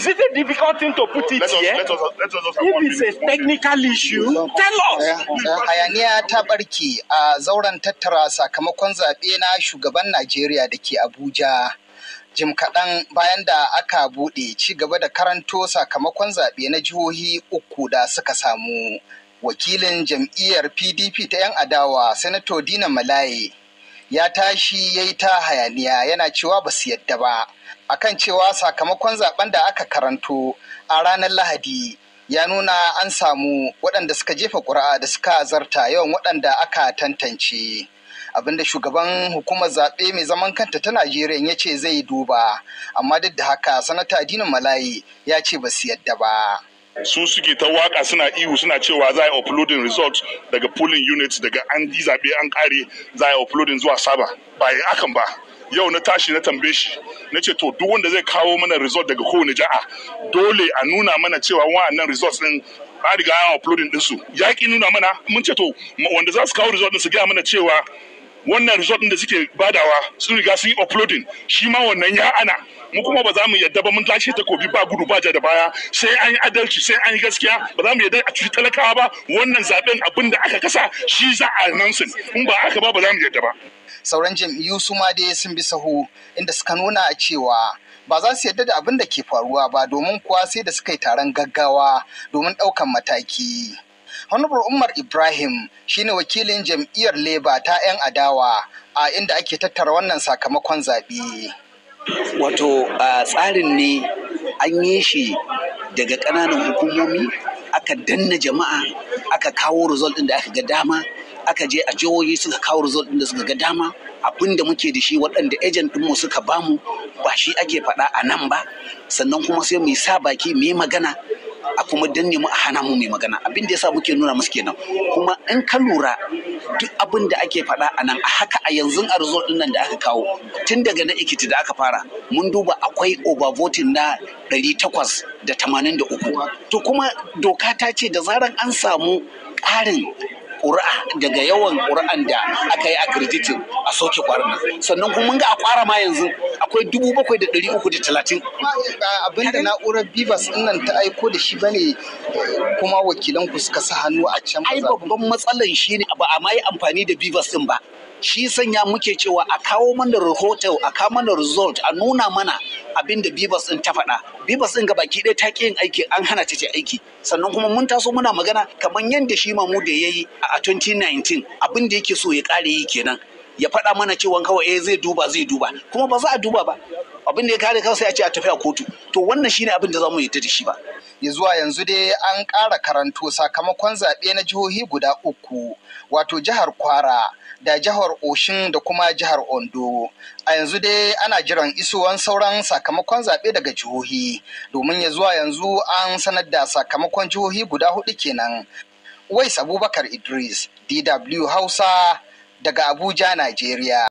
Is it a difficult thing to put it here? if it's a technical issue, tell us. Hayaniya ta ɓarke a zauren tattara sakamakon zaɓe na shugaban Najeriya da ke Abuja. Jim kaɗan bayan da aka buɗe ci gaba da karanto sakamakon zaɓe na jihohi uku da suka samu. Wakilin jam'iyyar PDP ta 'yan adawa, Sanato Dina Malaye, ya tashi ya yi ta hayaniya yana cewa ba su yadda ba akan cewa sakamakon zaben da aka karanto a ranar lahadi ya nuna an samu waɗanda suka jefa ƙuri'a da suka zarta yawan waɗanda aka tantance abinda shugaban hukumar zaɓe mai zaman kanta ta najeriya ya ce zai duba amma duk da haka sanata dinin malayi ya ce ba su yadda ba su suke ta waka suna ihu suna cewa za a uploading result daga polling unit daga an yi zaɓe an ƙare za a uploading zuwa saba ba yi akan ba yau na tashi na tambaye shi na ce to duk wanda zai kawo mana result daga kowane ja'a dole a nuna mana cewa wa'annan results din an riga an uploading dinsu ya ki nuna mana mun ce to wanda za su kawo result din su gaya mana cewa wannan resort da suke badawa sun riga sun yi uploading shi ma wannan ya ana mu kuma ba za mu yadda ba mun tashi takobi ba gudu ba ja da baya sai an yi adalci sai an yi gaskiya ba za mu yadda a cuci talakawa ba wannan zaben abin da aka kasa shi za a announcing in ba aka ba ba za mu yadda ba sauran jam'iyyu su ma dai sun bi sahu inda suka nuna cewa ba za su yadda da abin da ke faruwa ba domin kuwa sai da suka yi taron gaggawa domin ɗaukan mataki. honorable umar ibrahim shine wakilin jam'iyyar labour ta 'yan adawa a inda ake tattara wannan sakamakon zaɓe wato tsarin ne an yi shi daga ƙananan hukumomi aka danna jama'a aka kawo result ɗin da aka ga dama aka je a jihohi suka kawo result ɗin da suka ga dama abin da muke da shi waɗanda ɗin ɗinmu suka bamu ba shi ake faɗa a nan ba sannan kuma sai mu yi sa baki mu yi magana a kuma danne mu a hana mu mai magana abin da sa muke nuna musu kenan kuma in ka lura duk abin da ake faɗa a nan a haka a yanzu a result din nan da aka kawo tun daga na ikiti da aka fara mun duba akwai overvoting na ɗari takwas da da tamanin uku. to kuma doka ta ce da zaran an samu ƙarin ƙura'a daga yawan ƙura'an da aka yi accrediting a soke kwarin nan sannan kuma ga a kwara ma yanzu akwai dubu bakwai da ɗari uku da talatin abin na'urar bivas nan ta aiko da shi bane eh, kuma wakilan ku suka sa hannu a can ai babban matsalan shi ne ba a ma yi amfani da bivas din ba shi sanya muke cewa a kawo mana rahoto a kawo mana result a nuna mana abin da bibas din ta faɗa bibas din gabaki ɗaya ta yin aiki an hana ta aiki sannan kuma mun taso muna magana kamar yadda shi mamu da ya yi a 2019 abin da yake so ya ƙare yi kenan ya faɗa mana cewa kawai eh zai duba zai duba kuma ba za a duba ba abin da ya kare kawai sai a ce a tafi a kotu to wannan shine abin da za mu yi ta da shi ba Ya zuwa yanzu dai an ƙara karanto sakamakon zaɓe na jihohi guda uku wato jihar kwara da jihar oshin da kuma jihar ondo a yanzu dai ana jiran isowan sauran sakamakon zaɓe daga jihohi domin ya zuwa yanzu an sanar da sakamakon jihohi guda hudu kenan wais abubakar idris dw hausa daga abuja nigeria